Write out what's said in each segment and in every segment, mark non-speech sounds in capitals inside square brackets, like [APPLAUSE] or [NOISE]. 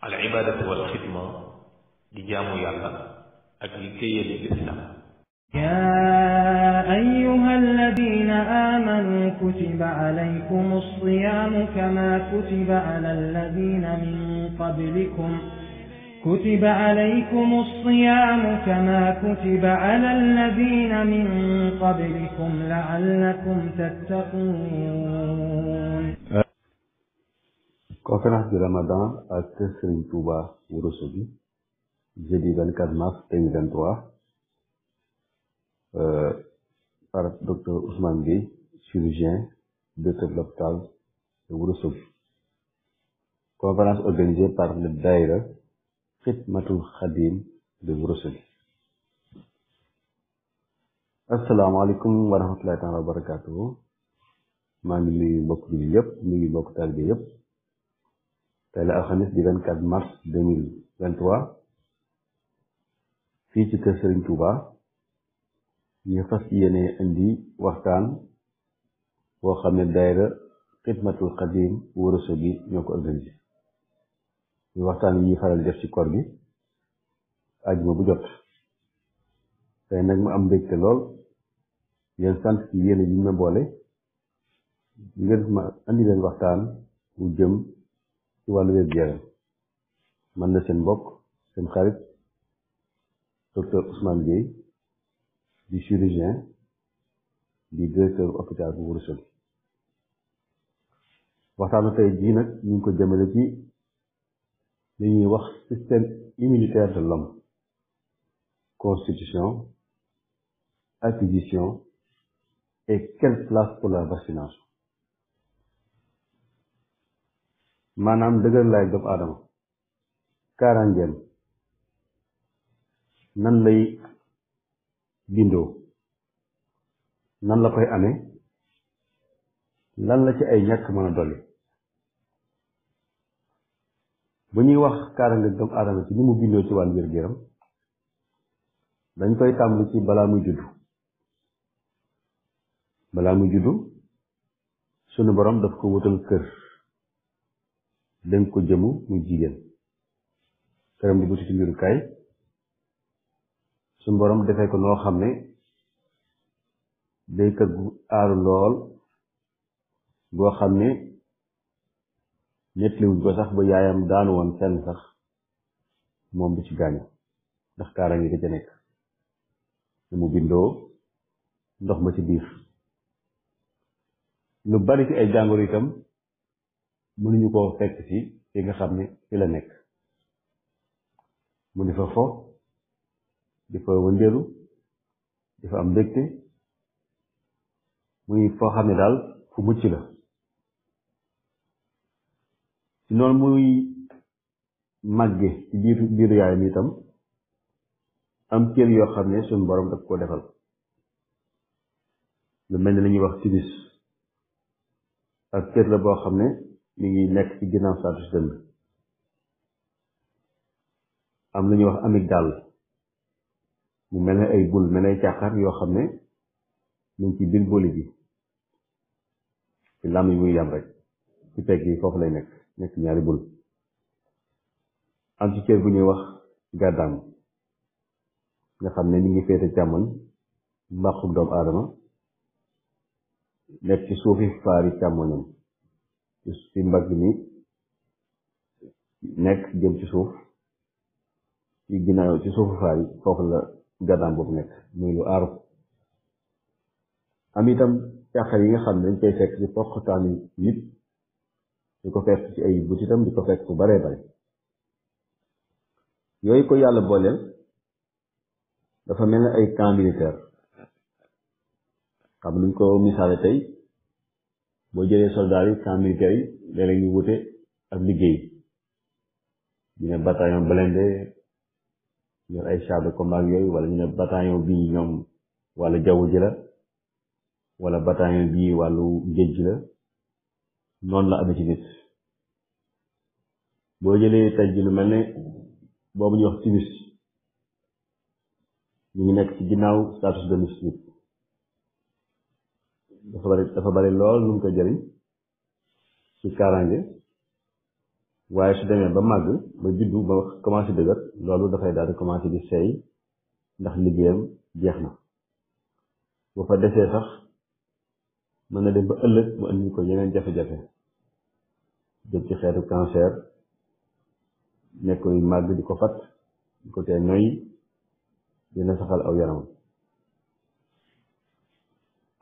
al ibaadatu wal xidma di jaamu yàlla ak liggéeyal lislaam yaa ayyuhal ladiina aamanuu kutiba alaykumu s-siyaamu kamaa kutiba alal ladiina min qablikum كتب عليكم الصيام كما كتب على الذين من قبلكم لعلكم تتقون conférence du ramadan ak kër Serigne Touba Ourossogui jeudi 24 mars 2023 euh, par docteur Ousmane Gueye chirurgien directeur de l'hôpital de Ourossogui conférence organisée par le daïra Khidmatul Khadim de Ourossogui asalaamaaleykum wa rahmatulahi taala wa barakatuhu maa ngi nuyu mbokk bi yëpp nuyu mbokk taalibe yëpp tey la alxamis di 24 mars 2023 fii ci kër Serigne Touba ñu fas yéene indi waxtaan boo xam ne daayira xidmatul xadim wërëso bi ñoo ko organisé ñu waxtaan yi faral def ci kor gi ajuma bu jot tey nag mu am mbégte lool yéen sant ci yéene yi ma boole ngir ma leen waxtaan bu jëm ci wàllu wér-gu-yaram man la seen mbokk seen xarit docteur Ousmane Gueye di chirurgien di directeur hôpital bu Ourossogui waxtaanu tey jii nag ñu ngi ko jëmale ci li ñuy wax système immunitaire de l'homme constitution acquisition et quelle place pour la vaccination maanaam dëgër laay doomu aadama kaaraangeem nan lay bindoo nan la koy amee lan la ci ay ñàkk mën dolli bu ñuy wax kaaraangeem doomu aadama ci ni mu bindoo ci wàllu wér gu dañ koy tàmbali ci balaa muy juddu balaa muy juddu sunu borom daf ko wutal kër dénk ko jëmu muy jigéen këram di buti ci njurukaay suñu borom defee ko noo xam ne day kër gu aaru lool goo xam ne nettaliwuñ ko sax ba yaayam daanu woon fenn sax moom du ci gaañu ndax kaara ngi ca nekk lu bindoo ndox ma ci biir lu bari ci ay jàngoro itam mënuñu koo fekk ci fi nga xam ne fi la nekk mu di fa fo di wëndeelu di am mbégte muy foo xam ne daal fu mucc la ci noonu muy màgge ci biir biir yaayam itam am cër yoo xam ne suñu borom daf koo defal lu mel ni la wax timis ak cër la boo xam ne mi ngi nekk ci ginnaaw saatu si dënd am lu ñuy wax amygdale mu mel ne ay bul mel ne ay càqar yoo xam ne mu ngi ci biir boli bi ci làmm yi muy yam rek ci pegg foofu lay nekk nekk ñaari bul am ci cër bu ñuy wax gàddaam nga xam ne ñu ngi féete càmmoñ mbàqu doomu aadama nekk ci suufi faari càmmoñam ci mbagg mi nekk jëm ci suuf ci ginnaaw ci suufu faar yi foofu la gàddaam boobu nekk muy lu aaru am itam càqar yi nga xam ne dañ koy fekk ci poqtaani nit di ko fekk ci ay butitam di ko fekk bu baree bare yooyu ko yàlla booleel dafa mel ne ay camp militaire xam luñ ko misaale tey boo jëlee soldats yi camp militaire yi léeg-léeg wute ak liggéey ñu ne bataillon blindé yor ay char de combat yooyu wala ñu bii ñoom wàllu jaww ji la wala bataillon bii wàllu géej la amee ci nit boo jëlee tey lu mel ne boobu ñuy wax timis ñu nekk ci ginnaaw status de nit dafa bari dafa bari lool nu mu ko jëriñ ci kaaraange waaye su demee ba màgg ba juddu ba commencé dëgër loolu dafay daal di commencé di seey ndax liggéeyam jeex na boo fa desee sax mën na dem ba ëllëg mu indi ko yeneen jafe-jafe jëm ci xeetu cancer nekk yu di ko fat di ko noy dina saxal aw yaramam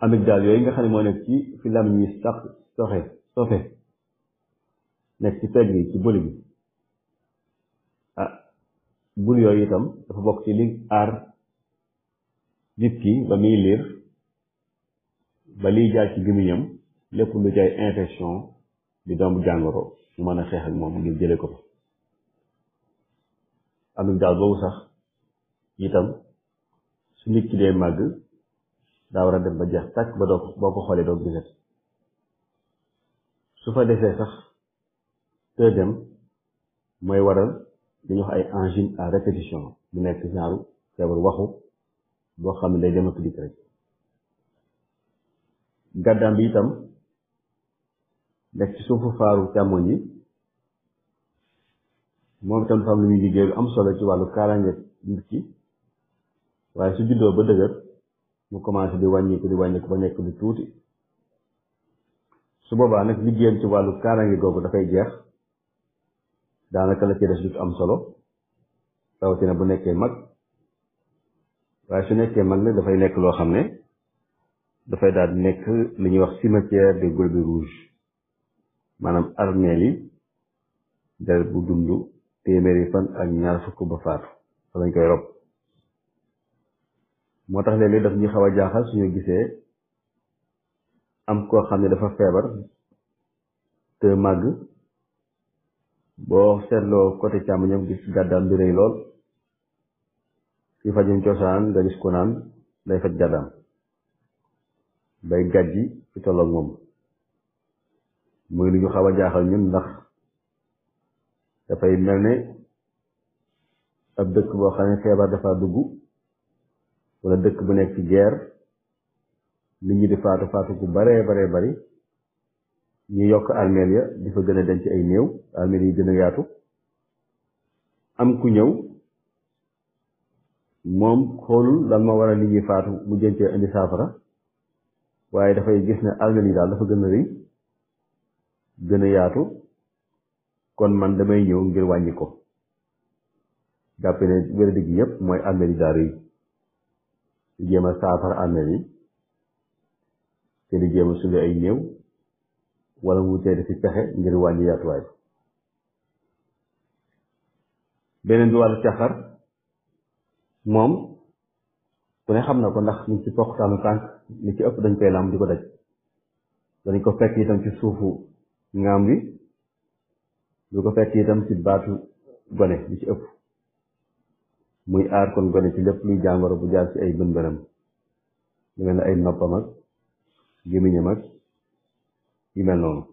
amit daal yooyu nga xam ne moo nekk ci fi yi sax soxe sofe nekk ci pegg yi ci bëli bi ah bul yooyu itam dafa bokk ci li aar nit ki ba muy liir ba liy jaar ci gémmiñam lépp lu jaay infection di doomu jàngoro mu mën a xeex ak moom ngir jële ko fa amit daal boobu sax itam su nit ki dee màgg daa war a dem ba jeex tàkk ba doo boo ko xoolee doo gisat su fa defee sax te dem mooy waral li ñuy wax ay angine à répétition mu nekk genre feebar waxu boo xam ne day dem rek gàddaam bi itam nekk ci suufu faaru càmmoñ yi moom itam dafa am lu muy liggéey lu am solo ci wàllu kaaraange nit waaye su juddoo ba dëgër mu commencé di wàññiku di wàññiku ba nekk lu tuuti su boobaa nag liggéeyam ci wàllu kaaraange googu dafay jeex daanaka la ci des du am solo rawatina bu nekkee mag waaye su nekkee mag ne dafay nekk loo xam ne dafay daal di nekk li ñuy wax cimetière des globes rouges maanaam armeel yi deret bu dund téeméeri fan ak ñaar fukk ba faatu fa lañ koy rob moo tax léeg-léeg daf ñu xaw a jaaxal suñu gisee am koo xam ne dafa feebar te màgg boo seetloo côté càmmoñam gis gàddaam bi rëy lool ci fajum cosaan nga gis ko naan day faj gàddaam day gàjji fi tolloog moom muy lu ñu xaw a jaaxal ñun ndax dafay mel ni ab dëkk boo xam ne feebar dafa dugg wala dëkk bu nekk ci guerre nit ñi di faatu faatu ku baree baree bari ñu yokk armeel ya di fa gën a denc ay néew armeel yi gën a yaatu am ku ñëw moom xoolul lan ma war a nit ñi faatu mu jëncee indi saafara waaye dafay gis ne armeel yi daal dafa gën a rëy gën a yaatu kon man damay ñëw ngir wàññi ko jàppe ne wér-dëgg yépp mooy armeel yi daa rëy di jéem a saafara àmmeel yi te di jéem a ay néew wala wutee dafi caxar moom ku ne xam na ko ndax ñu ci poqtaanu tànk li ci ëpp dañ koy lam di ko daj dañ ko fekk itam ci suufu ngaam bi du ko fekk itam ci baatu gone li ci ëpp muy aar kon gone ci lépp luy jàngoro bu jaar ci ay bën bënam lu mel ne ay noppam ak gémmiñam ak yu mel noonu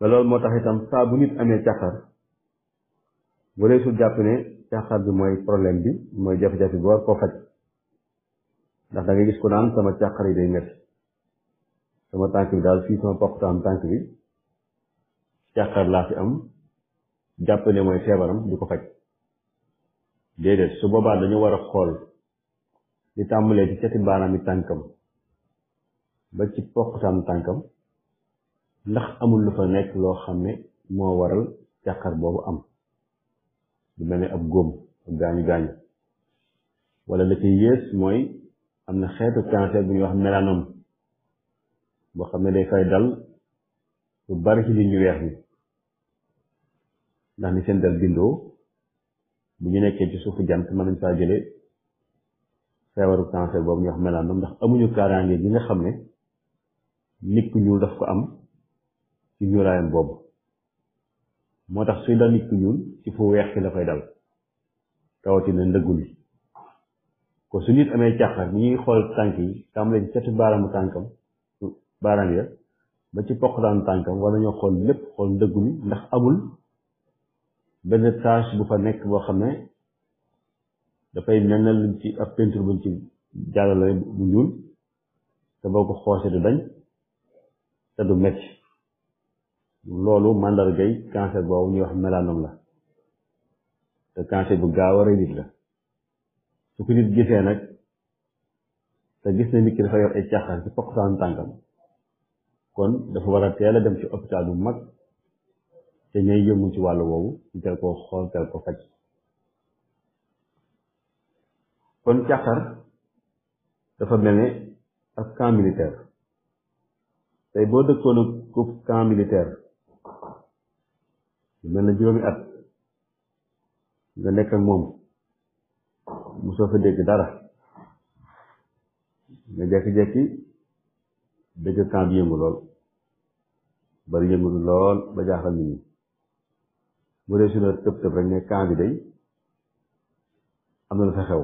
ba loolu moo tax itam saa bu nit amee càqar wala su jàpp ne càqar bi mooy problème bi mooy jafe-jafe bi war koo faj ndax da ngay gis ko naan sama càqar yi day métti sama tànk bi daal fii sama poqtaam tànk bi càqar laa fi am jàpp ne mooy feebaram di ko faj déedéet su boobaa dañu war a xool li tàmbalee ci cati baaraami tànkam ba ci poqtaam tànkam ndax amul lu fa nekk loo xam ne moo waral càqar boobu am lu mel ni ab góom ak gaañu gaañu wala la koy yées mooy am na xeetu cancer bu ñuy wax mélanome boo xam ne day fay dal lu bari ci ñu weex ni ndax ni seen dal bindoo bu ñu nekkee ci suufu jant ma nañ faa jëlee feebaru cancer boobu ñu wax mélanome ndax amuñu kaaraange gi nga xam ne nit ñuul daf ko am ci ñuulaayam boobu moo tax suy dal nit ku ñuul ci fu weex ki la koy dal rawatina ndëggu li ko su nit amee càqar ñi ñuy xool tànk yi tàmbalee cati baaraamu tànkam baaraam ya ba ci poq daan tànkam wala ñoo xool lépp xool ndëggu li ndax amul benn tâche bu fa nekk boo xam ne dafay mel na luñ ci ab peinture buñ ci jàllale bu ñuul te boo ko xoosee du dañ te du metti loolu màndargay cancer boobu ñuy wax mélanome la te cancer bu gaaw a rey nit la su ko nit gisee nag te gis na nit ki dafa yor ay caaxaan ci poqtaan tànkam kon dafa war a teel a dem ci hôpital bu mag te ñooy yëngu ci wàllu woowu ñu teel koo xool teel ko faj kon càqar dafa mel ni ak camp militaire tey boo dëkkoon ak camp militaire lu mel na juróomi at nga nekk ak moom mu soo fa dégg dara nga jekki-jekki dëgg camp bi yëngu lool bari yëngu lool ba jaaxal nit bu dee suñu tëb tëb rek ne camp bi day am na lu fa xew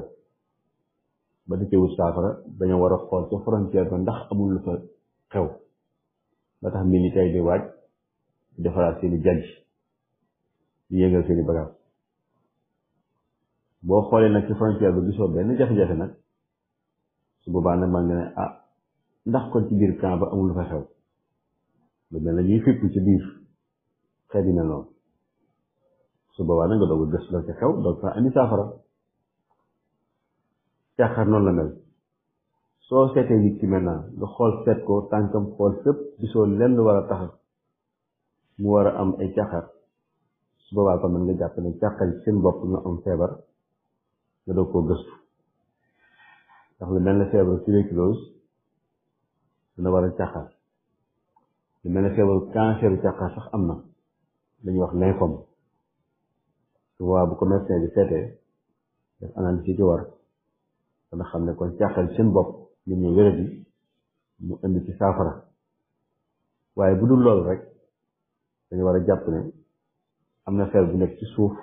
ba di wut saafara dañoo war a xool ca frontière ba ndax amul lu fa xew ba tax militaire di waaj defaraat seeni jàjj di seeni bagaas boo xoolee nag ci frontière ba gisoo benn jafe-jafe nag su boobaa nag man nga ne ah ndax kon ci biir camp ba amul lu fa xew lu mel ne ñuy fipp ci biir xeet yi mel noonu su boobaa nag nga doog a gëstu la ca xew doog fa andi saafara caaxaar noonu la mel soo seetee nit ki maintenant nga xool seet ko tànkam xool fépp gisoo lenn war a tax mu war a am ay caaxaar su boobaa kon mën nga jàpp ne caaxaar yi seen bopp ñu am feebar nga doog koo gëstu ndax lu mel ne feebar tuberculose dina war a caaxaar lu mel ne feebar cancer caaxaar sax am na dañuy wax lymphome waa bu commerçant bi seetee def analyse yi ci war dana xam ne kon càqal seen bopp ñun ñu wérat mu indi ci saafara waaye bu dul lool rek dañu war a jàpp ne am na fer bu nekk ci suuf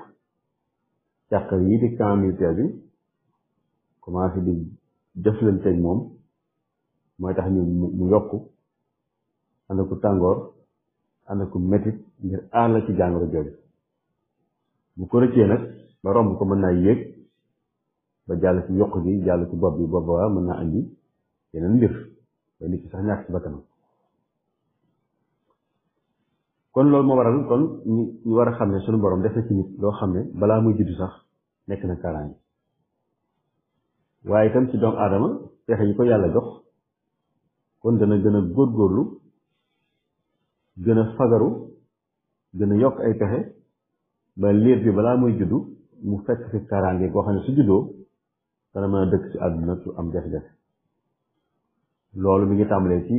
càqal yi di camp militaire bi commencé di jëflanteeg moom mooy tax ñu mu yokk ànd ku tàngoor ànd ku métit ngir aar la ci jàngoro jooju bu ko rëccee nag ba romb ko mën naa yéeg ba jàll ci yokk gi jàll ci bopp bi bopp ba mën naa andi yeneen mbir ba nit ki sax ñàkk ci bakkanam kon loolu moo waral kon ñu war a xam ne suñu borom def na ci nit loo xam ne balaa muy juddu sax nekk na kaaraange waaye itam ci doomu aadama pexe yi ko yàlla jox kon dana gën a góorgóorlu gën a fagaru gën a yokk ay pexe ba liir bi balaa muy juddu mu fekk fi kaaraange goo xam ne su juddoo dana mën a dëkk ci àdduna su am jafe-jafe loolu mi ngi tàmbalee ci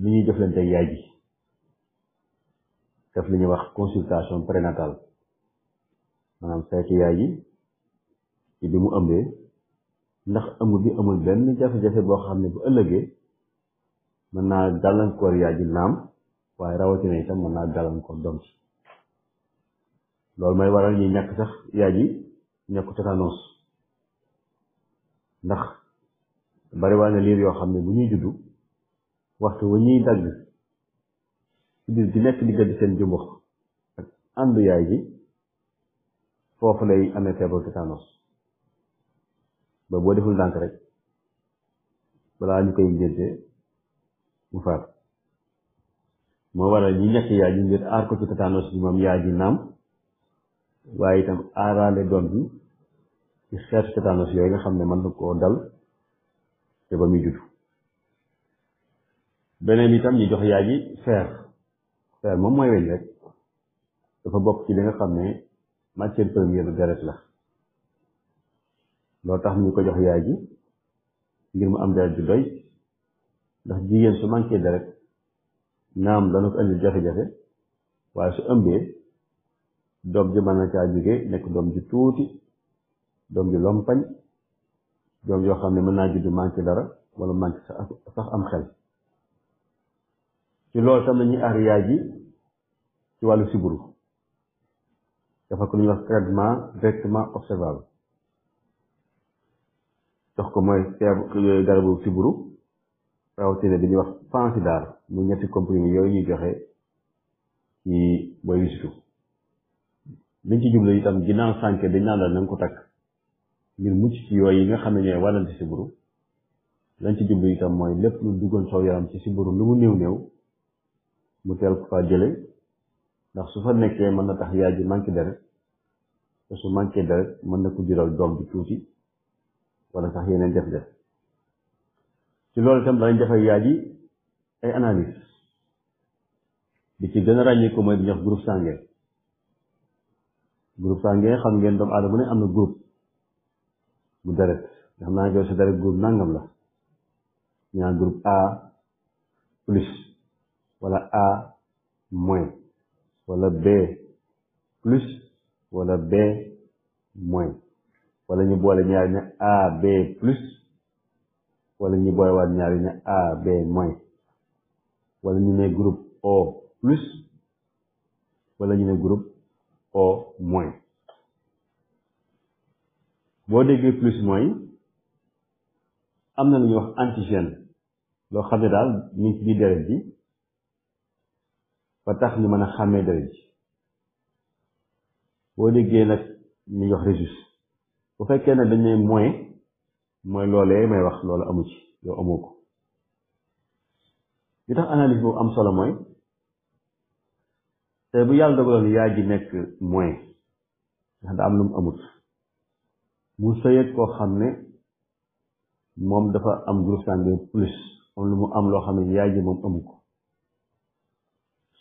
mu ngi jëflante yaay ji def li ñuy wax consultation prénatale maanaam saytu yaay ji ci bi mu ëmbee ndax ëmb bi amul benn jafe-jafe boo xam ne bu ëllëgee mën naa gàllankoor yaay ji naam waaye rawatina itam mën naa gàllankoor doom si loolu mooy waral ñuy ñàkk sax yaay ji ñàkku tétanos ndax bari waa na liir yoo xam ne bu ñuy juddu waxtu wa ñuy dagg biir nekk diggante seen jumbox ak àndu yaay ji foofu lay amee feebaru tétanos ba boo deful ndànk rek balaa ñu koy ngénte mu faat moo waral ñi ñàkk yaay ji ngir aar ko ci tétanos bi moom yaay ji naam waaye itam aaraale doom bi ci xeetu tétanos yooyu nga xam ne mën na koo dal te ba muy juddu beneen itam ñu jox yaay ji fer fer moom mooy weñ rek dafa bokk ci li nga xam ne matière première deret la loolu tax ñu ko jox yaay ji ngir mu am deret ji doy ndax jigéen su manqué deret naam dana ko indi jafe-jafe waaye su ëmbee doom ji mën na caa jóge nekk doom ji tuuti doom ji lompañ doom yoo xam ne mën naa judd manqué dara wala manqué sax am xel ci loolu tam lañuy aar yaay ji ci wàllu siburu dafa ko lu ñuy wax traitement directement observable jox ko mooy ceeb garabu siburu rawatina bi ñuy wax fansidar mu ñetti comprimé yooyu ñuy joxe ci booy wisitu liñ ci jublu itam ginnaaw sànke dañ naan la na ko takk ngir mucc ci yooyu yi nga xam ne ñooy wàllante siburu lañ ci jublu itam mooy lépp lu duggoon saw yaram ci siburu lu mu néew néew mu teel faa jële ndax su fa nekkee mën na tax yaay ji manqué deret te su deret mën na ko jural doom bi tuuti wala sax yeneen def def ci loolu itam danañ defal yaay ji ay analyse bi ci gën a ràññee mooy bi ñuy groupe sanguin groupe sanguin xam ngeen doomu aadama ne am na groupe bu deret nga xam naa sa deret groupe nangam la ñaa groupe A plus wala A moins wala B plus wala B moins wala ñu boole ñaari ne A B plus wala ñu waat ñaari ne A B moins wala ñu ne O plus wala ñu ne au moins boo déggee plus mooy am na lu ñuy wax antigène loo xam ne daal ñu ngi ci biir deret bi ba tax ñu mën a xàmmee deret ji boo déggee nag li ñuy wax résus bu fekkee ne dañ ne moins loolee may wax loolu amu ci yow amoo ko li tax analyse boobu am solo mooy bu yàlla dogaloon yaay ji nekk moyen ndax da am lu mu amut mu sëyeeg koo xam ne moom dafa am groupe sanguin plus lu mu loo xam ne yaay moom amu ko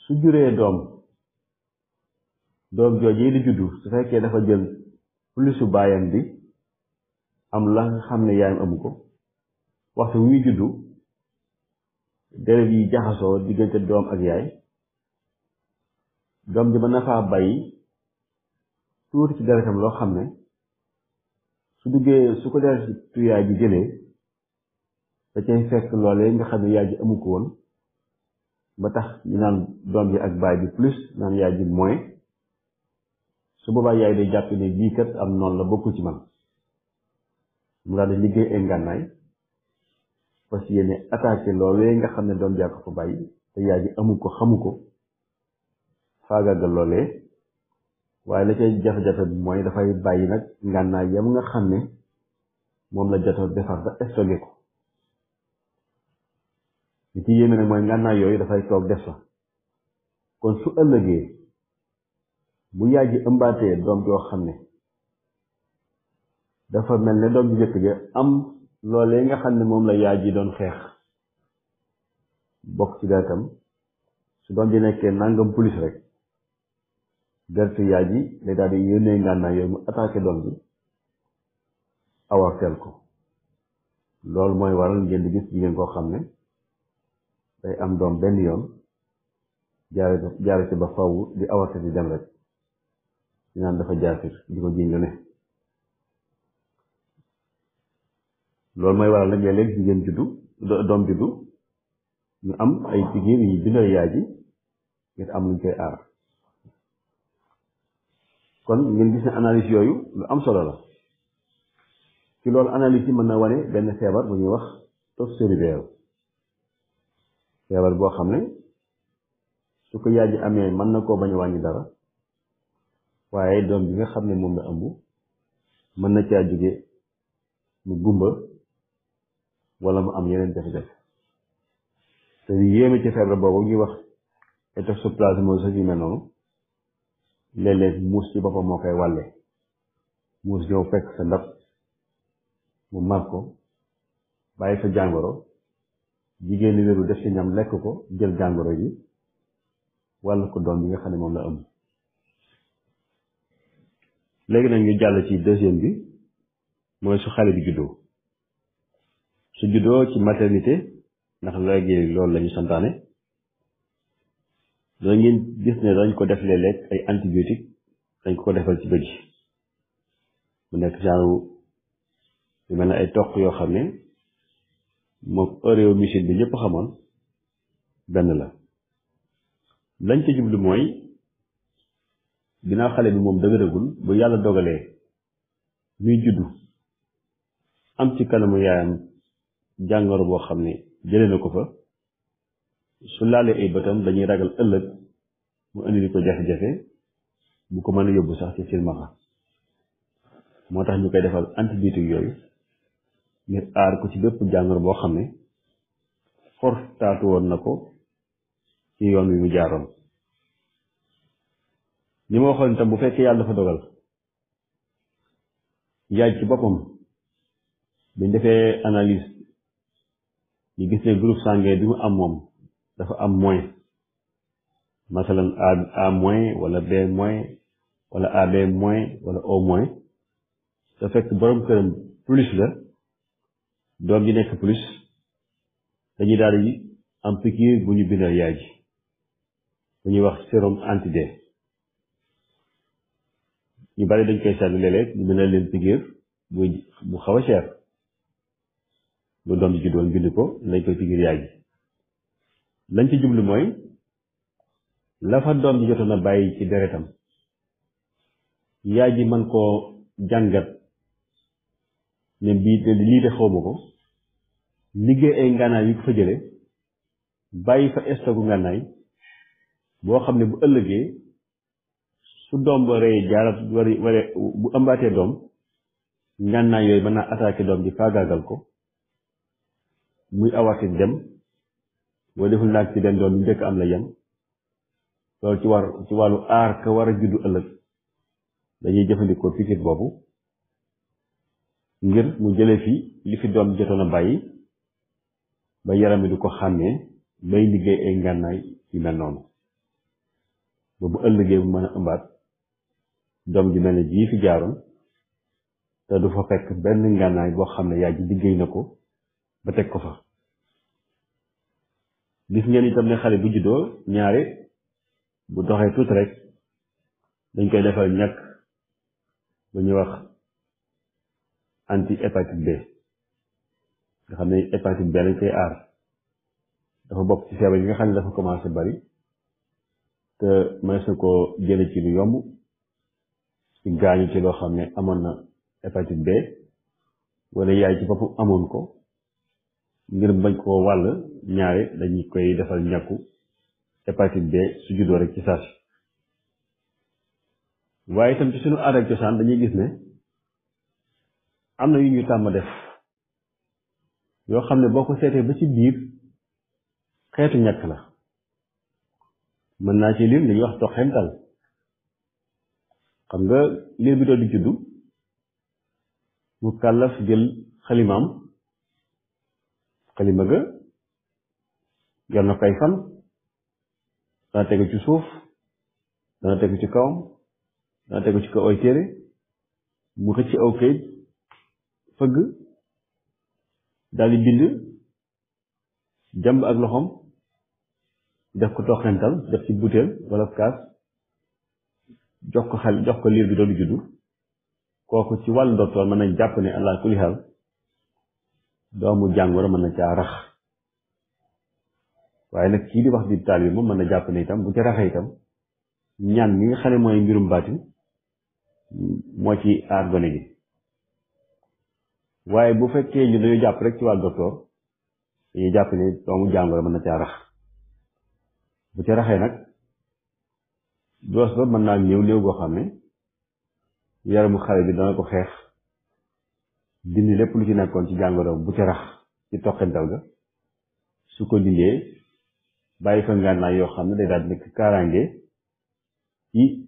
su juree doom doom joojee di juddu su fekkee dafa jël plusu baayam bi am la xam ne yaayam amu ko waxtu wi juddu deret yi jaxasoo diggante doom ak yaay doom ji mën na faa bàyyi tuuti ci deretam loo xam ne su duggee su ko deretu yaay ji jëlee da cay fekk loolee nga xam ne yaay ji amu ko woon ba tax ñu naan doom ji ak baay bi plus naan yaay ji moins su boobaa yaay day jàpp ne bii kat am noonu la bokkul ci man mu daal di liggéey ay ngànnaay parce que yéene attaqué loolee nga xam ne doom jaa ko fa bàyyi te yaay ji amu ko xamu ko faagaagal loolee waaye la cay jafe-jafe bi mooy dafay bàyyi nag naa yam nga xam ne moom la jot a defar ba stocké ko li ci yéeme nag mooy ngànnaay yooyu dafay toog def fa kon su ëllëgee bu yaay ji ëmbaatee doom joo xam ne dafa mel ne doom ji jëkk am loolee nga xam ne moom la yaay ji doon xeex bokk ci gàttam su doom ji nekkee nangam police rek bertu yaay ji day daal di yónnee ngànnaay yooyu mu attaqué doom bi awarteel ko loolu mooy waral ngeen di gis jigéen koo xam ne day am doom benn yoon jaare jaare ci ba faw di awarté di dem rek ñu dafa jaafir di ko jiñ lu ne loolu mooy waral nag léeg-léeg jigéen juddu doom juddu ñu am ay jigéen yi bindal yaay ji ngir am luñ koy aar kon ngeen gis ne analise yooyu lu am solo la ci loolu analyse yi mën na wane benn feebar bu ñuy wax tos cérébral feebar boo xam ne su ko yaay ji amee mën na koo bañ a wàññi dara waaye doom bi nga xam ne moom la ëmb mën na caa jóge mu gumba wala mu am yeneen jafe-jafe te yéeme ci feebar boobu ñuy wax ectoxoplasmose yu mel noonu léeg-léeg muus ci boppam moo koy wàlle muus ñëw fekk sa ndab mu mar ko bàyyi sa jàngoro jigéen ñi wéru def ci ñam lekk ko jël jàngoro yi wàll ko doom bi nga xam ne moom la ëmb léegi nag ñu jàll ci deuxième bi mooy su xale bi juddoo su juddoo ci maternité ndax léegi loolu la ñu santaane da ngeen gis ne dañ ko def léeg-léeg ay antibiotique dañ ko defal ci bët mu nekk lu mel ne ay toq yoo xam ne moom oréomycine bi xamoon benn la lañ ca jublu mooy ginnaaw yàlla dogalee muy am ci kanamu yaayam jàngoro boo xam ne jëlee na ko fa su laalee ay bëtam dañuy ragal ëllëg mu indi ko jafe-jafe bu ko mën yóbbu sax ci silmaxa moo tax ñu koy defal antibiotique yooyu ngir aar ko ci bépp jàngoro boo xam ne fortaatu woon na ko ci yoon wi mu jaaroon li ma waxoon itam bu fekkee yàlla dafa dogal yaay ci boppam buñ defee analyse ñu gis ne groupe sanguin bi mu am moom dafa am moins masalan a a moins wala b moins wala ab moins wala o moins te fekk borom këram plus la doom ji nekk plus dañuy daal di am piqûre bu ñu bindal yaay ji bu ñuy wax sérum anti D ñu bari dañ koy sànni léeg ñu bindal leen piqûre bu bu xaw a cher lu doom ji juddoon bind ko lañ koy piqûre yaay ji lañ ci jublu mooy la fa doom ji jotoon a bàyyi ci deretam yaay ji man koo jàngat ne bii te lii de xawma ko liggéey ay ngànnaay yu fa jële bàyyi fa stock ngànnaay boo xam ne bu ëllëgee su doom ba rey jaarat wari ware bu ëmbaatee doom ngànnaay yooyu mën naa attaqué doom ji faagaagal ko muy awaati dem boo deful naaj ci den doon lu njëkk am la yem loolu ci war ci wàllu aar ka war a juddu ëllëg dañuy jëfandikoo pikir boobu ngir mu jële fii li fi doom jotoon a bàyyi ba yaram bi du ko xàmmee bay liggéey ay ngànnaay yu mel noonu ba bu ëllëgee bu mën a ëmbaat doom ji mel ne jii fi jaaroon te du fa fekk benn ngànnaay boo xam ne yaa ji liggéey na ko ba teg ko fa gis ngeen itam ne xale bu juddoo ñaare bu doxee tuuti rek dañ koy defal ñàkk bu wax anti hépatite B nga xam ne hépatite B lañ koy aar dafa bokk ci feebar yi nga xam ne dafa commencé bari te mën na koo jële ci lu yomb ci gaañu ci loo xam ne amoon na hépatite B wala yaay ci boppam amoon ko ngir bañ koo wàll ñaare dañu koy defal ñàkku hépatite B su juddoo rek ci saa si waaye itam ci suñu aada cosaan dañuy gis ne am na yu ñu tàmm def yoo xam ne boo ko seetee ba ci biir xeetu ñàkk la mën naa ci lim li ñuy wax toxental xam nga liir bi doo di juddu mu kàllaf jël xalimaam xalima ga yor na koy fan dana tegu ci suuf dana tegu ci kawam dana tegu ci kaw ay téere mu xëcc aw kayit fëgg daal di bind jàmb ak loxoom def ko toxental def ci butéel wala kaas jox ko xel jox ko liir bi doon juddu kooku ci wàllu docteur mën nañ jàpp ne allah kulli xaal doomu jàngoro mën na caa rax waaye nag kii di wax di taal bi moom mën na jàpp ne itam bu ca raxee itam ñaan mi nga xam ne mooy mbirum baatin moo ci aar gone gi waaye bu fekkee ñu dañoo jàpp rek ci wàllu docteur dañuy jàpp ne doomu jàngoro mën na caa rax bu ca raxee nag doos ba mën naa néew néew goo xam ne yaramu xale bi dana ko xeex dindi lépp lu ci nekkoon ci jàngoro bu ci rax ci toqental ga su ko dindee bàyyi fa ngànnaay yoo xam ne day daal nekk kaaraange ci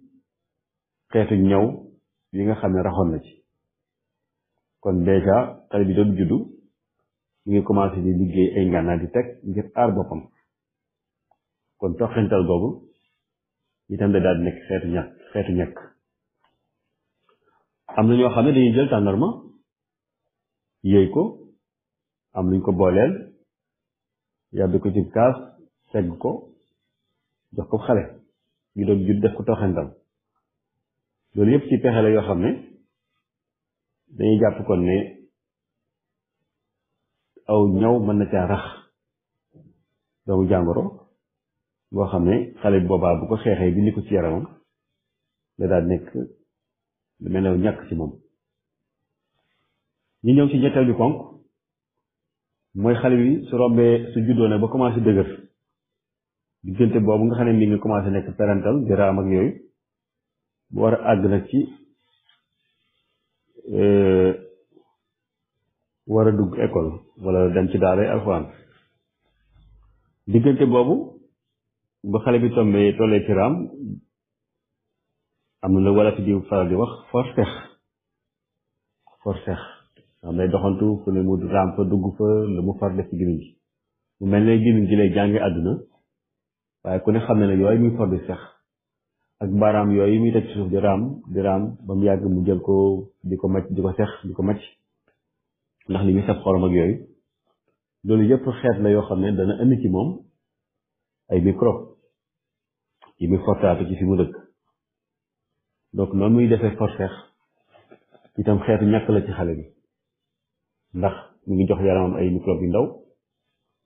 xeetu ñaw yi nga xam ne raxoon na ci kon déjà xale bi doon juddu ñu ngi commencé di liggéey ay ngànnaay di teg ngir aar boppam kon toqental googu itam day daal nekk xeetu ñàkk xeetu ñàkk am na ñoo xam ne dañuy jël tàndarma yëy ko am luñ ko booleel yàbbi ko ci kaas segg ko jox ko xale ñu doon jur def ko toxantam loolu yëpp ci pexe la yoo xam ne dañuy jàpp kon ne aw ñaw mën na caa rax doomu jàngoro boo xam ne xale bi boobaa bu ko xeexee bi ni ko ci yaramam da daal nekk mel ne ñàkk ci moom ñu ñëw ci ñetteelu ponk mooy xale bi su rombee su juddoo nag ba commencé dëgër diggante boobu nga xam ne mi ngi commencé nekk parental di raam ak yooyu bu war a àgg nag ci euh, war a dugg école wala dem ci daara alxuraan diggante boobu ba xale bi tombee tollee ci raam am na la wala fi di faral di wax forcex forcex am lay doxantu fu ne mu raam fa dugg fa lu mu far def ci mu mel ne gémmiñ gi lay jànge àdduna waaye ku ne xam ne na yooyu muy for di sex ak baaraam yooyu muy teg ci suuf di raam di raam ba mu yàgg mu jël ko di ko macc di ko sex di ko macc ndax li muy saf xorom ak yooyu loolu yëpp xeet la yoo xam ne dana indi ci moom ay microbe yi muy fortaatu ci fi mu dëkk donc noonu muy defee forseex itam xeetu ñàkk la ci xale bi ndax mu ngi jox yaram ay microbe yu ndaw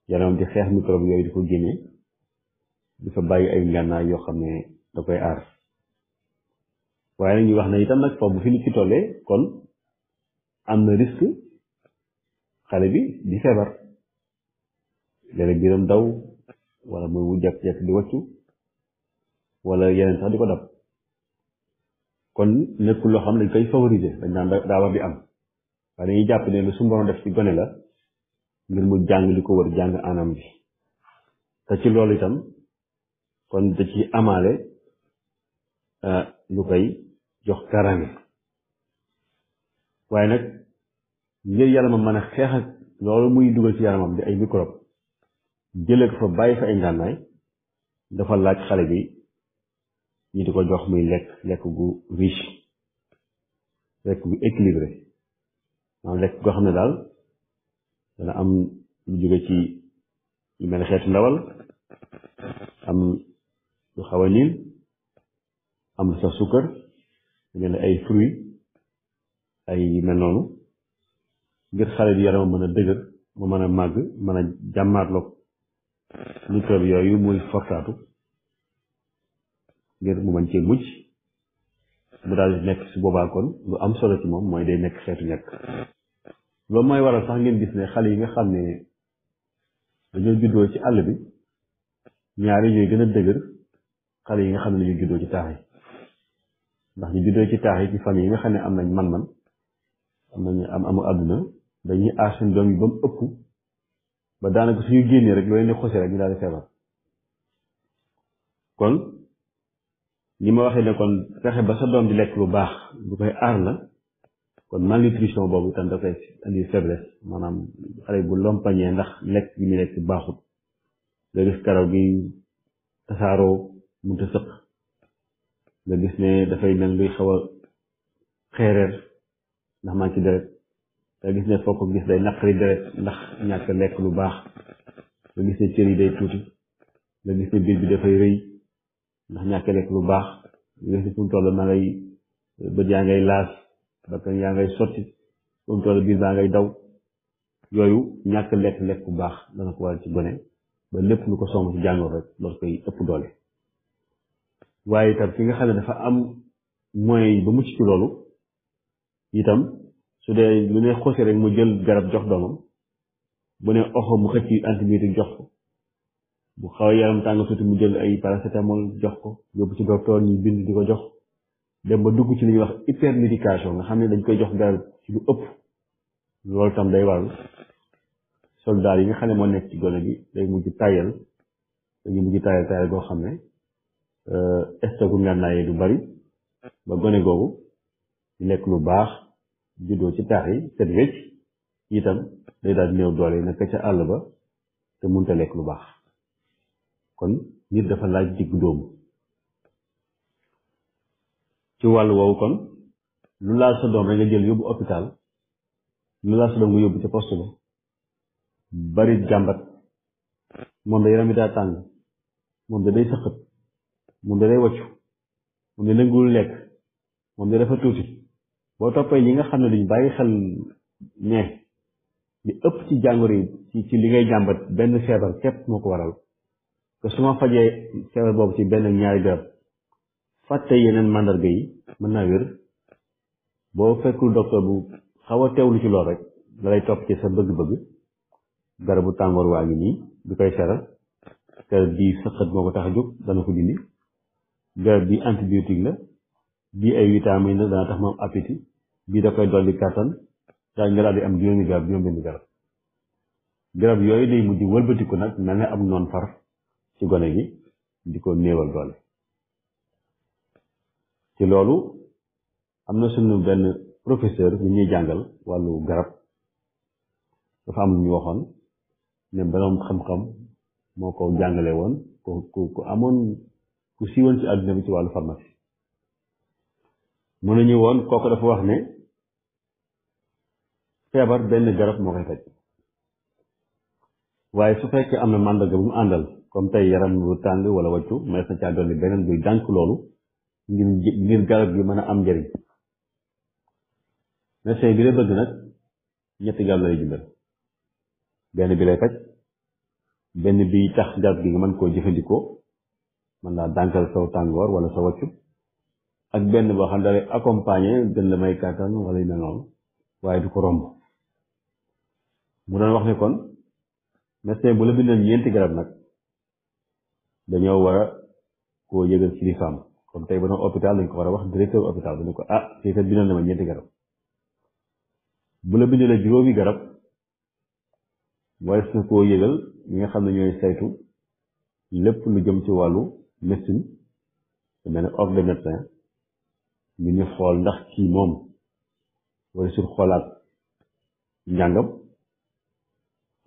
yaramam di xeex microbe yooyu di ko génnee di fa bàyyi ay ngànnaay yoo xam ne da koy aar waaye nag ñu wax ne itam nag foofu bu fi nit ki tollee kon am na risque xale bi di feebar léeg-léeg daw wala mooy mu jekk-jekk di wàccu wala yeneen sax di ko dab kon nekkul loo xam ne koy favoriser dañ daa war di am waaye dañuy jàpp ne lu suñu mu jàng ko war anam bi ci loolu itam kon da ci amaale lu koy jox karange waaye nag ngir yaramam mën a xeex ak loolu muy dugal ci yaramam di ay microbe jëlee ko fa bàyyi fa ay ngànnaay dafa laaj xale bi ñi di ko jox muy lekk lekk gu riche lekk gu équilibré maanaam lekk goo xam ne daal dana am lu jóge ci lu mel ne ndawal am lu xaw a niin am lu sax mel ne ay ay mel noonu mën a dëgër mu mën a màgg yooyu muy fortaatu ngir mu mën cee mucc mu daal di nekk su boobaa kon lu am solo ci moom mooy day nekk xeetu ñàkk loolu mooy waral sax ngeen gis ne xale yi nga xam ne dañoo juddoo ci àll bi ñaari ñooy gën a dëgër xale yi nga xam ne dañoo juddoo ci taax yi ndax ñu juddoo ci taax yi ci famille yi nga xam ne am nañ man-man am nañu amu àdduna dañuy aar doom yi ba ëpp ba daanaka suñu génnee rek loo leen xose rek ñu daal di feebar kon li ma waxee ne kon fexe ba sa doom di lekk lu baax lu koy aar la kon malnutrition boobu tam da indi faiblesse maanaam xale bu lompañee ndax lekk gi muy lekk baaxut nga gis karaw gi tasaaroo munta sëq nga gis ne dafay mel luy xaw a xeereer ndax man ci deret nga gis ne foo ko gis day naqari deret ndax ñàkk lekk lu baax nga gis ne cër yi day tuuti nga gis ne biir bi dafay rëy ndax ñàkk lekk lu baax léegi fu mu toll na ngay bët yaa yooyu ñàkk lekk lekk bu baax dana ko waral ci gone ba lépp lu ko somm ci jàngoor rek loolu koy ëpp doole waaye itam ki nga xam ne dafa am moyens ba mucc ci loolu itam su dee lu ne xosi rek mu jël garab jox doomam bu ne oxo xëcc antibiotique jox bu xaw a yaram tàng tuuti mu jël ay paracétamol jox ko yóbbu ci docteur ñu bind di ko jox dem ba dugg ci li ñuy wax hypermédication nga xam ne dañ koy jox garab ci lu ëpp loolu tam day yi nga xam ne moo nekk ci gone gi day mujj tayal dañuy mujj tayal tayal xam ne euh, stocku ngànnaay du bari ba gone googu lekk lu baax juddoo ci taax yi set wecc itam day daal di néew doole naka ca àll ba te munta lekk lu baax kon nit dafa laaj diggu dóomu ci wàllu woowu kon lu laal sa doom rek nga jël yóbbu hôpital lu laal sa doom nga yóbbu ca poste ba bari jàmbat moom da yaram bi daa tàng moom da day sëqët moom da day waccu moom da dafa tuuti boo toppee ñi nga xam ne duñ bàyyi xel ne li ëpp ci jàngoro yi ci ci li ngay jàmbat benn feebar képp moo ko waral que su ma fajee feebar boobu ci benn ñaari garab fàtte yeneen màndarga yi mën naa wér boo fekkul docteur bu xaw a lu ci lool rek da lay topp ci sa bëgg-bëgg garabu tàngoor waa ngi nii du koy feral garab bi sëqët moo ko tax a jóg dana ko dindi garab bi antibiotique bii ay vitamine la dana tax moom appétit bii da dolli kàttan daal nga daal di am juróomi garab juróom benn garab garab yooyu day mujj wëlbatiku nag mel ne am noon far ci gone gi di ko néewal doole ci loolu am na suñu benn professeur ñu ñuy jàngal wàllu garab dafa am ñu waxoon ne boroom xam-xam moo ko jàngale woon ku ku amoon ku siiwoon ci àdduna bi ci wàllu pharmacie mën nañu woon kooku dafa wax ne feebar benn garab moo koy faj waaye su fekkee am na màndarga bu mu àndal comme tey yaram bu tàng wala wàccu mais na caa dolli beneen buy dànk loolu ngir garab gi mën a am njëriñ médecin bi la bëgg nag ñetti garab benn bi lay faj gi nga mën koo jëfandikoo mën laa dànkal saw tàngoor wala sa wàccu ak benn boo xam ne dalay accompagner gën la may kàttan wala yu mel noonu waaye du ko romb mu doon wax ne kon médecin bu la bindal ñeenti garab nag dañoo war a koo yëgal kilifaam comme tey ba doon hôpital dañ ko war a wax directeur hôpital bi ne ko ah kii kat bindal na ma ñeenti garab bu la bindalee juróomi garab waaye su koo nga xam ne ñooy saytu lépp lu jëm ci wàllu médecine su mel ne ordre des médecins xool ndax kii moom wala su xoolaat njàngam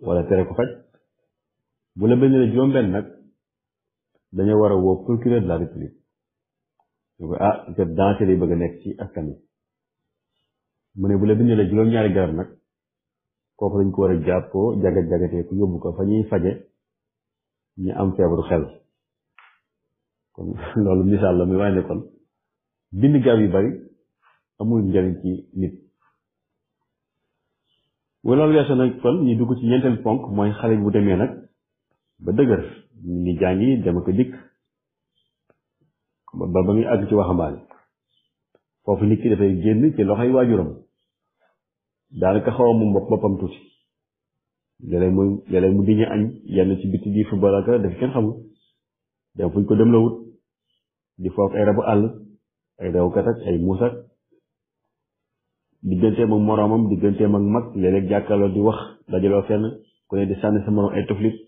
wala tere ko faj bu la bindalee juróom benn nag dañoo war a woo procureur de la république ah, bëgg a ci askan mu ne bu la bindalee juróom-ñaari garab nag kooku dañ ko war a jàppoo jagat jagatee ku yóbbu ko fa ñuy faje ñu am feebaru xel kon [LAUGHS] loolu misaal la muy waaye ne kon bind garab yu bari amul njariñ ci nit wala loolu weesu nag kon ñu dugg ci ñeenteel ponk mooy xale bu demee nag ba dëgër mu ngi jàngi dama ko dikk ba ba muy àgg ci waxambaane foofu nit ki dafay génn ci loxoy waajuram daanaka xaw a moom boppam tuuti léeg-léeg muy léeg-léeg mu diñu añ yenn ci biti di football ak daf kenn xamul dem fuñ ko dem la wut di foofu ay rabu àll ay rewkat ak ay muus ak digganteem ak moroomam digganteem ak mag léeg-léeg di wax dajaloo fenn ku ne di sànni sa moroom ay tuflit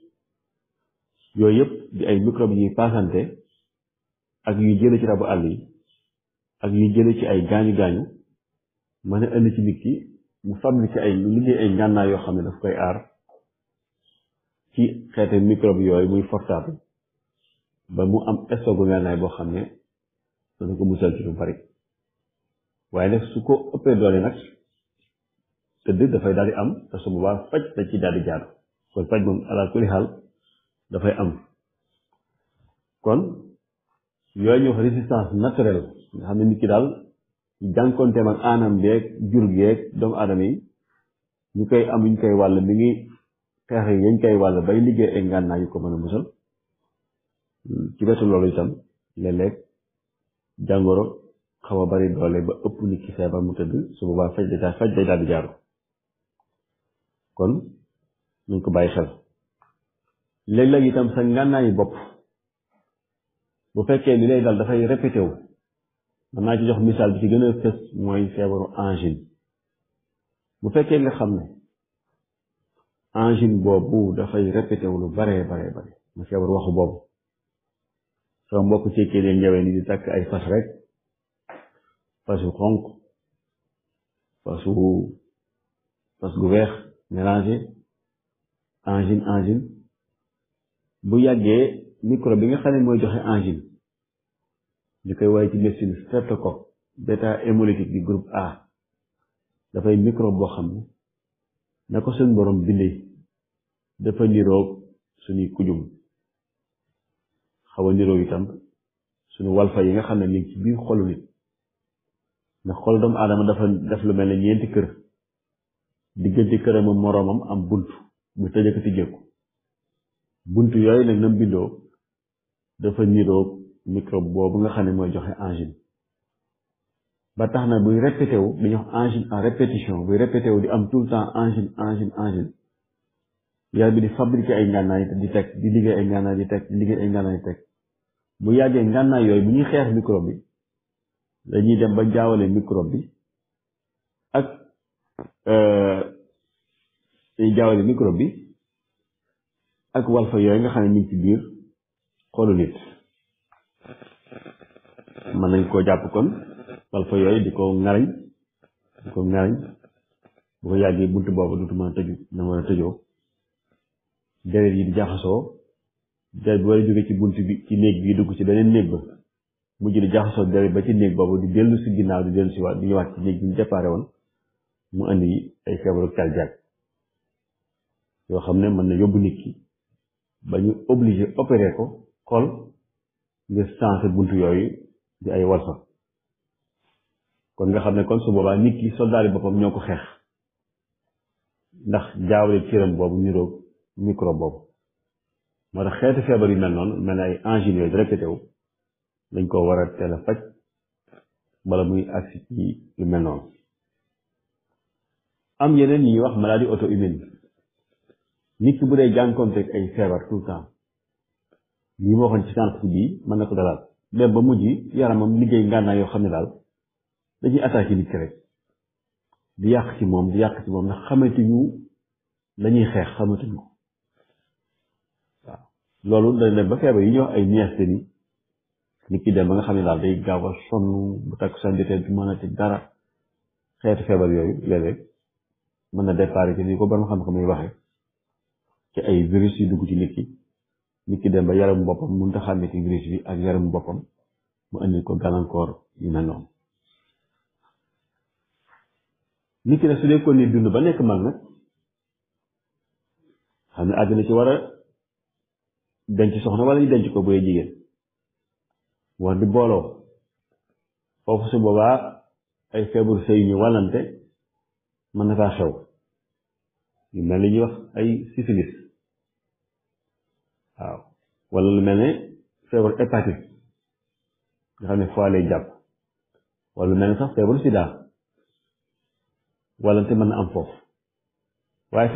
yooyu yëpp di ay microbe yuy paasante ak yuy jële ci rabu àll yi ak yuy jële ci ay gaañu gaañu mën a indi ci nit ki mu fàbli ci ay liggéey ay ngànnaay yoo xam ne daf koy aar ci xeete microbe yooyu muy fortaatu ba mu am stock ngànnaay boo xam ne dana ko musal ci lu bari waaye nag su ko ëppee doole nag tëdd dafay daal di am te boobaa faj da ci daal di jaar kon faj moom ala kulli xaal dafay am kon yooyu ñuy wax résistance naturelle nga xam ne nit ki daal jànkonteem ak anam beeg jur geeg doomu aadama yi ñu koy am ñu koy wàll mi ngi xeex yi yañ koy wàll bay liggéey ay ngànnaay yu ko mën a musal ci wetu loolu itam léeg-léeg jàngoro bari doole ba ëpp nit ki feebar mu tëdd su boobaa faj day daal faj jaaru kon nañ ko bàyyi xel léeg-léeg itam sa ngànnaayu bopp bu fekkee li lay dal dafay répété wu mën naa ci jox misaal bi ci gën a fës mooy feebaru angine bu fekkee nga xam ne angine boobu dafay répété lu baree baree bare mu feebaru waxu boobu soo mbokk cekkee leen ñëwee ni di takk ay fas rek fasu xonq fasu fas gu weex mélangé angine angine bu yàggee microbe bi nga xam ne mooy joxe angine ñu koy waaye ci médecine streptocoque bêta hémolytique du groupe A dafay microbe boo xam ne na ko seen boroom bindee dafa niroog suñuy kujum xaw niroog itam suñu walfa yi nga xam ne ñu ngi ci biir xolu nit ndax xolu doomu aadama dafa def lu mel ne ñeenti kër diggante këram moroomam am bunt bu tëjëk tijjeeku bunt yooyu nag nam bindoo dafa niroog microbe boobu nga xam ne mooy joxe angine ba tax na buy répété wu dañuy wax angine en répétition buy répété wu di am tout le temps angine angine angine yaram bi di fabriquer ay ngànnaay di teg di liggéey ay ngànnaay di teg di bu yàggee ngànnaay yooyu bu ñuy xeex microbe bi dañuy dem ba jaawale microbe bi ak euh, dañuy microbe bi ak Walf yooyu nga xam ne ñu ci biir xoolu nit mën nañ koo jàpp kon Walf yooyu di ko ŋarañ di ko ŋarañ bu ko yàggee bunt boobu dootu mën a tëju na tëjoo deret yi di jaxasoo deret a jóge bunt bi ci néeg dugg ci beneen néeg ba mujj di jaxasoo ba ci néeg boobu di dellu si ginnaaw di dellu si waat di ñëwaat ci néeg bi ñu déparé woon mu andi ay feebaru cardiaque yoo xam ne mën na yóbbu nit ki ba ñu obligé opéré ko xol ngir changé buntu yooyu di ay walfa kon nga xam ne kon su boobaa nit ki soldaar boppam ñoo ko xeex ndax jaawale cëram boobu niroog micro boobu moo tax xeetu feebar yu mel noonu mel na ay angine yooyu répété dañ koo war a teel bala muy agsi ci lu mel noonu am yeneen yi wax maladie auto-immune nit ki bu dee jànkoonte ay feebar tout le temps lii ma waxoon ci sànq bii mën na ko dalal dem ba mujj yaramam liggéey ngànnaay yoo xam ne daal dañuy attaqué nit ki rek di yàq ci moom di yàq ci moom ndax xamatuñu lañuy xeex xamatuñu ko waaw loolu dañ dem ba feebar yi ñuy wax ay myasthénie nit ki dem ba nga xam ne daal day gaaw a sonn bu takk seen jotee du mën a ci dara xeetu feebar yooyu léeg-léeg mën na départ ci ni ko borom xam-xam yi waxee. ci ay virus yu dugg ci nit ki dem ba yaramu boppam mënut a xàmmee ci virus bi ak yaramu boppam mu indil ko gàllankoor yu mel noonu nit ki su dee ko ni dund ba nekk mag nag xam ne àddina ci war a denc soxna wala ñu denc ko bu dee jigéen war di booloo foofu su boobaa ay feebar sëy ñu wàllante mën na faa xew yu mel ni ñuy wax ay syphilis waaw wala lu mel ne feebar hépatite nga xam ne foie lay jàpp walla lu mel ne sax feebaru sida wala te mën na am foofu waaye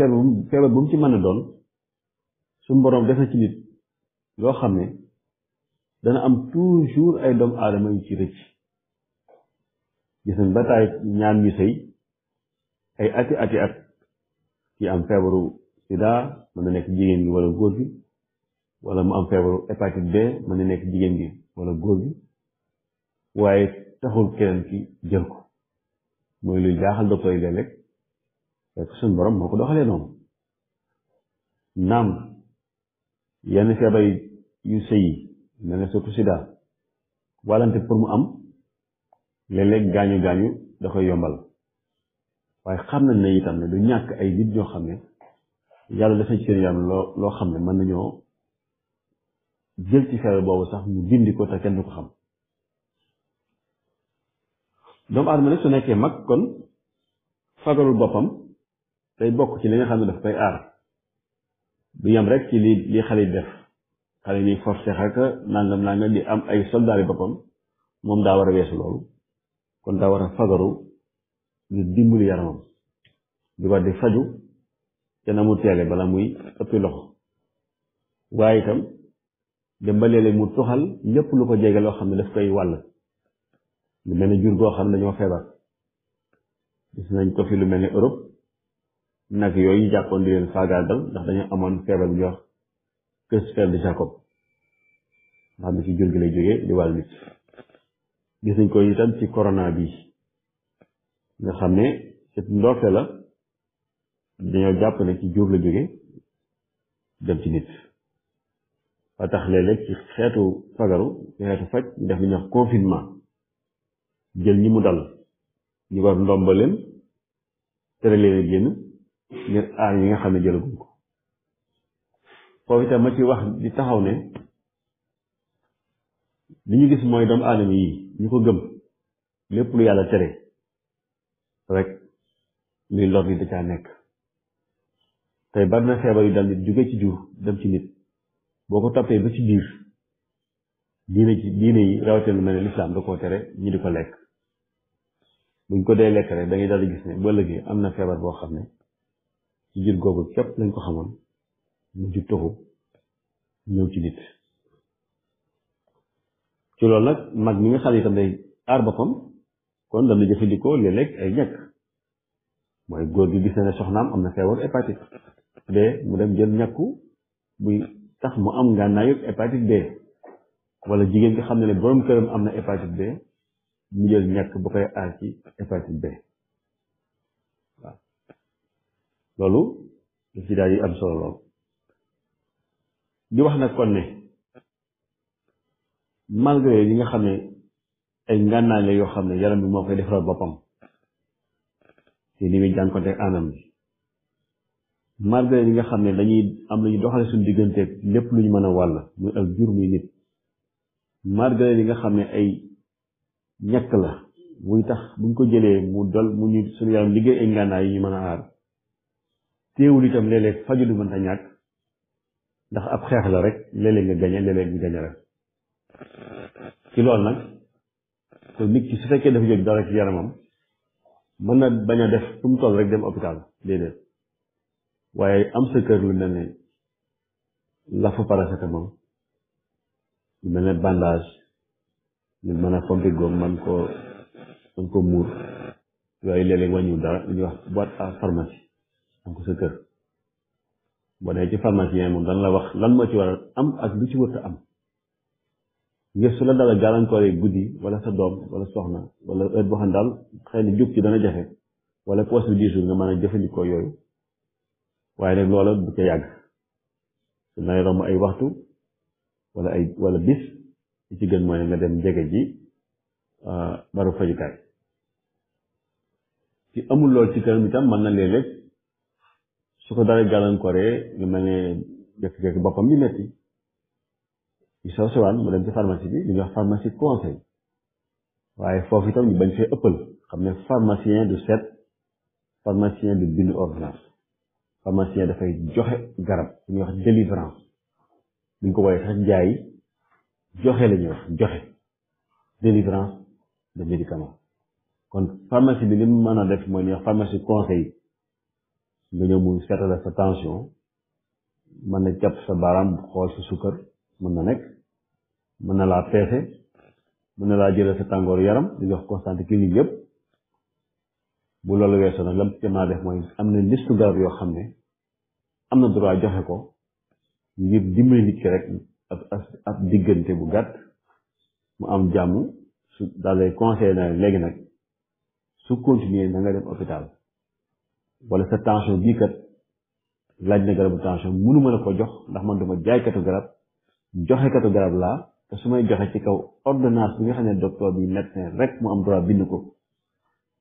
feebar bu bu ci mën a doon suñu boroom def na ci nit loo xam ne dana am toujours ay doomu aadama yu ci rëcc gis nañ ba taay ñaar ñu sëy ay ati ati at ki am feebaru sida mën na nekk jigéen ñi wala góor gi wala mu am feebaru hépatite B mën na nekk jigéen bi wala góor bi waaye taxul keneen ki jël ko mooy luy jaaxal docteur yi léeg-léeg borom moo ko doxalee noonu naam yenn feebar yu sëy yi mel ne surtout wàllante pour mu am léeg-léeg gaañu gaañu da yombal waaye xam nañ ne itam ne du ñàkk ay nit ñoo xam ne yàlla def ci seen yaram loo loo xam ne mën nañoo jël ci xew boobu sax ñu bindi ko te kenn ko xam doomu aadama nag su nekkee mag kon fagarul boppam day bokk ci li nga xam ne daf koy aar du yem rek ci li li xale yi def xale yi forcé xaka nangam nangam di am ay soldaari boppam moom daa war a weesu loolu kon daa war a fagaru ngir dimbali yaramam di war di faju te na mu teele bala muy ëppi loxo waaye itam dem ba léeg mu tuxal lépp lu ko jege loo xam ne daf koy wàll lu mel ne jur goo xam ne dañoo feebar gis nañ ko fi lu mel ne Europe nag yooyu jàppoon di leen faagaagal ndax dañoo amoon feebar bi ñuy wax kësfèr de Jacob nga xam ne ci jur gi lay jógee di ci corona bi xam ne ci ndoorte la dañoo jàpp ne ci jur la jóge dem ci nit ba tax léeg-léeg ci xeetu fagaru ci xeetu faj ñu def li confinement jël ñi mu dal ñu war ndomba tere leen a génn ngir aar yi nga xam ne jëlaguñ ko foofu itam ma ci wax di taxaw ne li ñu gis mooy doomu aadama yi ñu ko gëm lépp lu yàlla tere rek luy lor li da caa nekk tey bari feebar yu dal nit jóge ci jur dem ci nit boo ko toppee ba ci biir diine yi rawatina mel ne lislaam da koo tere ñi di ko lekk buñ ko dee lekk rek da ngay daal di gis ne bu ëllëgee am na feebar boo xam ne ci jur googu lañ ko xamoon mu jub toxu ñëw ci nit mag mi nga xam ne itam day aar boppam kon dana jëfandikoo léeg-léeg ay ñekk mooy góor gi gis na ne soxnaam am na feebar hépatite de mu dem jël ñàkku buy tax mu am ngànnaayu hépatite B wala jigéen nga xam ne ne boroom këram am na hépatite B mu jël ñàkk ba koy aar ci B loolu di wax nag kon ne malgré li nga xam ne ay ngànnaay la yoo xam ne yaram bi moo koy defaral boppam ci li muy jànkonte anam bi malgré yi nga xam ne dañuy am lañuy doxale suñu digganteeg lépp luñu mën a wàll muy ak jur muy nit malgré li nga xam ne ay ñàkk la muy tax buñ ko jëlee mu dol mu ñu liggéey ay yi mën a aar téewul itam léeg-léeg faju du mënta ñàkk ndax loolu nag te nit ki su fekkee dafa jóg dara ci yaramam mën na bañ a def fu mu toll rek dem hôpital déedéet waaye am sa kër lu mel ne lafu paracetamol lu mel ne bandage ñu mën a pompe goom man koo man ko muur yooyu léeg-léeg wàññiwul dara lu ñuy wax boîte à pharmacie am ko sa kër boo nee ci pharmacien moom dana la wax lan moo ci war a am ak lu ci wërta am ngir su la dala gàllankoor yi guddi wala sa doom wala soxna wala heure boo xam daal xëy na ci dana jafe wala poos bi diisul nga mën a jëfandikoo yooyu waaye nag loola bu ca yàgg su nay romb ay waxtu wala ay wala bis li ci gën mooy nga dem jege ji ah, baru fajukaay ci amul lool ci kanam itam mën na léeg-léeg su ko dara gàllankooree nga mel ne jékki-jékki boppam bi metti yu sew sewaan mu dem ci pharmacie bi li ñuy wax pharmacie conseil waaye foofu itam ñu bañ fee ëppal xam ne pharmacien du seet pharmacien du bind ordonnance pharmacien dafay joxe garab li ñuy wax délivrance bu ko woowee sax jaay joxe la ñuy wax joxe délivrance de médicament kon pharmacie bi li mu mën a def mooy li ñuy wax pharmacie conseil nga ñëw mu seetala sa tension mën na jàpp sa baaraam xool sa sukkar mën na nekk mën na laa peese mun na laa jëlee sa tàngoor yaram li wax wax constante clinique yépp bu loolu weesoo la lam ci def mooy am na listu garab yoo xam ne na droit joxe ko ngir dimbali diggante bu gàtt mu am jàmm daal lay conseillé léegi na nga dem hôpital wala sa tension bii kat laaj na garabu mënu ma la ko jox ndax man duma jaaykatu garab joxe katu garab laa te su may joxe ci kaw ordonnance bi nga xam ne docteur bi ne rek mu am droit bind ko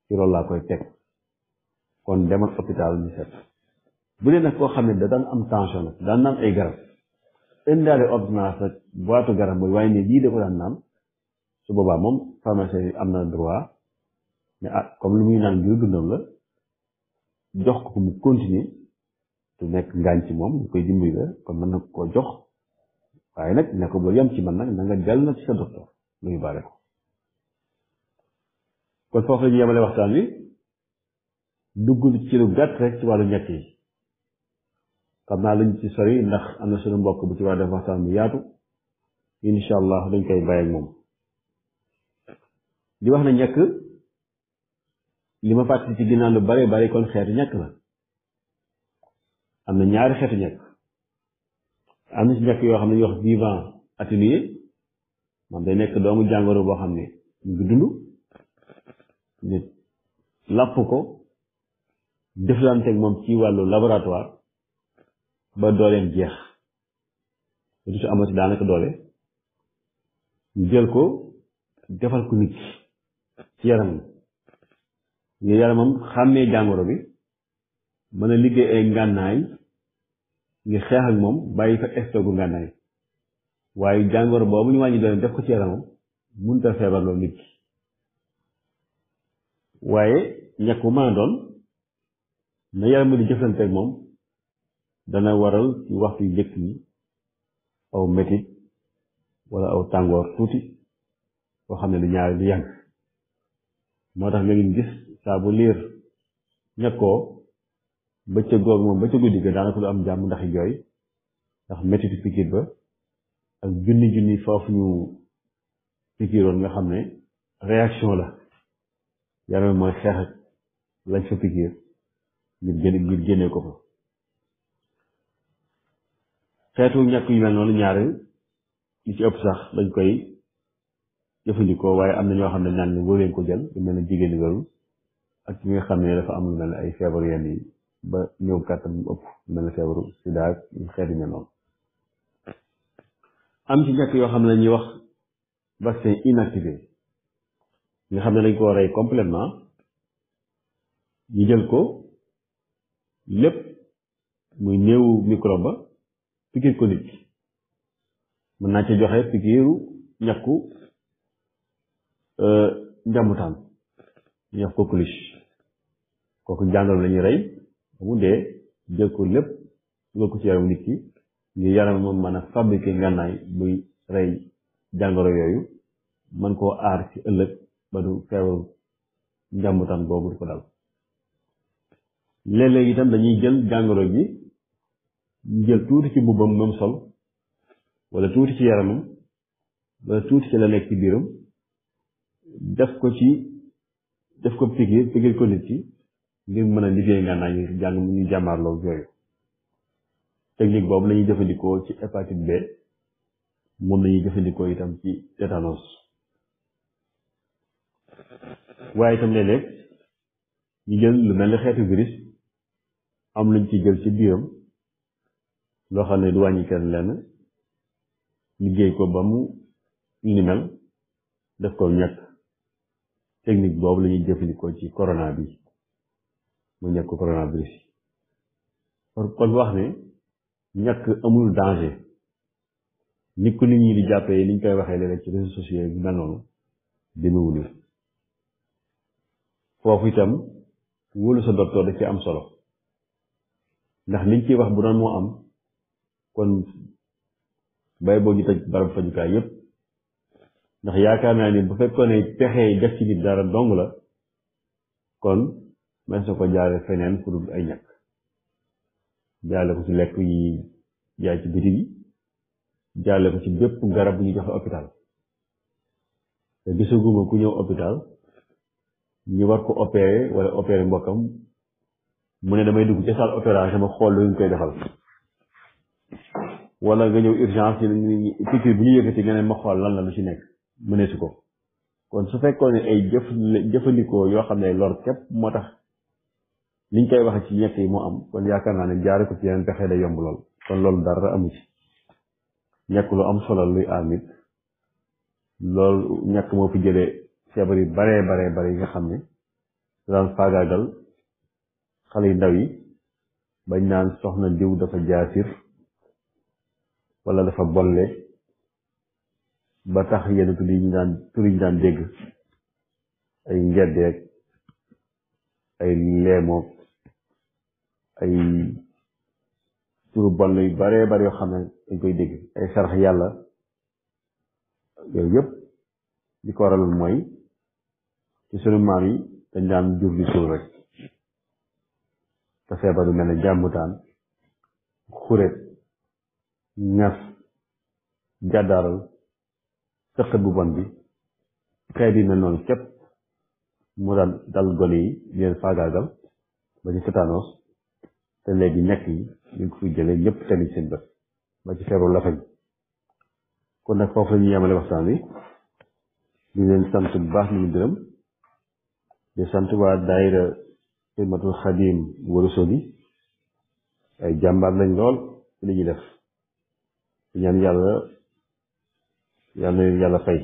ci loolu a koy teg kon demal hôpital ñu seet bu dee nag koo xam ne am tension nag daan naan ay garab indaale ordonnance ak boitu garab mooy waaye ne lii da ko daan naan su boobaa moom pharmacien am na droit ne ah comme lu muy naan biir dundam la jox ko mu continuer du nekk ngaañ ci moom ñu koy dimbali la kon mën na koo jox waaye nag ne ko ci man nag na nga dellu na ci sa docteur luy baale ko kon foofu la ñu yemale waxtaan wi duggul ci lu gàtt rek ci wàllu ñett yi xam naa luñ ci sori ndax am na suñu mbokk bu ci war def waxtaan bu yaatu incha allah dañ koy bàyyi moom di wax na ñàkk li ma fàttali ci ginnaaw lu bare bare kon xeetu ñàkk la am na ñaari xeetu ñàkk am na ci ñàkk yoo xam ne ñuy wax vivant atténué moom day nekk doomu jàngoro boo xam ne mu ngi dund nit làpp ko jëflanteeg moom ci wàllu laboratoire ba dooleem jeex dutu amati daanaka doole jël ko defal ko nit ci yaram ngir yaramam xàmmee jàngoro bi mën a liggéey ay ngànnaay ngir xeex ak moom bàyyi fa stock ngànnaay waaye jàngoro boobu ñu wàññi doole def ko ci yaramam mënut a feebarloo nit ki waaye ñàkk maa doon na yaram mi di jëflanteeg moom dana waral ci waxtu yu yi aw metit wala aw tàngoor tuuti boo xam ne du ñaari du yàgg moo tax nga gis saa bu liir ñàkkoo bëccëg moom bëccëg guddi daanaka du am jàmm ndax jooy ndax metitu pikir ba ak junni junni foofu ñu pikiroon nga xam ne réaction la yàlla mooy xeex ak lañ fa ngir génne ko fa xeetu ñàkk yu mel noonu ñaari yu ci ëpp sax dañ koy jëfandikoo waaye am na ñoo xam ne ñaan ni ko jël lu mel na jigéen loolu ak ñi nga xam ne dafa am mel ay feebaru yenn yi ba ñëw kàttan mu ëpp lu mel ne feebaru sida ak xeetu mel noonu am ci ñàkk yoo xam ne ñuy wax vaccin inactivé nga xam ne dañ koo rey complètement ñu jël ko lépp muy néewu microbe ba pikiir ko nit mën naa ci joxe pikiiru ñàkku euh, njàmbutaan ñu wax coqueluche kooku jàngoro la ñuy rey ba mu dee jël ko lépp dugal ko ci yaram moom a fabriqué ngànnaay buy rey jàngoro yooyu mën koo aar ci ëllëg ba du feebaru njàmbutan boobu du ko dal léeg-léeg itam dañuy jël jàngoro ji jël tuuti ci mbubbam moom sol wala tuuti ci yaramam wala tuuti ci la nekk ci biiram def ko ci def ko pikiir pikiir ko nit ci ngir mën a liggéey nga naa ñu jàng mu ñu jàmmaarloo yooyu technique boobu lañuy jëfandikoo ci hépatite B moom lañuy jëfandikoo itam ci tétanos waaye itam léeg-léeg ñu jël lu mel ne xeetu virus am luñ ci jël ci biiram loo xam ne du wàññi kenn lenn liggéey ko ba mu ni mel def ko ñàkk technique boobu la ñuy jëfandikoo ci corona bi mu ñàkk ko coronavirus yi kon wax ne ñàkk amul danger ni ku nit ñi di jàppee ni ñu koy waxee léeg-léeg ci réseaux sociaux yi mel noonu demewul foofu itam wóolu sa docteur da ci am solo ndax liñ ciy wax bu doon moo am kon bay boo ñu tëj barab fajukaay yépp ndax yaakaar naa ni bu fekkoon ne pexe def ci nit dara dong la kon man sa ko jaare feneen ku dul ay ñàkk jaale ko ci lekk yi jaay ci biti yi jaale ko ci bépp garab bu ñu joxe hôpital te gisaguma ku ñëw hôpital ñu war ko opérer wala opérer mbokkam mu ne damay dugg ca salle opération ma xool lu ñu koy defal wala nga ñëw urgence ñu ne piqûre bu ñu yëkkati nga ne ma xool ko kon su fekkoon ne ay jëf jëfandikoo yoo xam ne lor képp moo tax liñ koy wax ci ñekk yi mu am kon yaakaar naa ne jaare ko ci yeneen pexe day yomb lool kon loolu dara amu ci ñekk lu am solo luy amit loolu ñekk moo fi jëlee feebar yu baree baree bare yi nga xam ne daan faagaagal xale yu ndaw yi bañ naan soxna diw dafa jaasir wala dafa bolle ba tax yenn tur yi daan dégg ay ngeddeeg ay leemoog ay turu bon yu baree bari yoo xam ne dañ koy dégg ay sarax yàlla yooyu yëpp li ko waraloon mooy ci sunu maam yi dañ daan jur di suul rek te feebar yu mel ne jàmbutaan xuret ñas jàddaaral sëqët bu bon bi xeet mel noonu képp mu daan dal gone yi leen faagaagal ba ci tétanos te léegi ñàkk yi ñu fi jëlee ñëpp tamit seen bët ba ci feebaru lafañ kon nag foofu la yemale waxtaan wi ñu leen sant bu baax ñu gërëm di sant waa daayira xidmatul xadim warusoli ay jàmbaar lañ lool ci li def ñaan yàlla yàlla na leen yàlla fay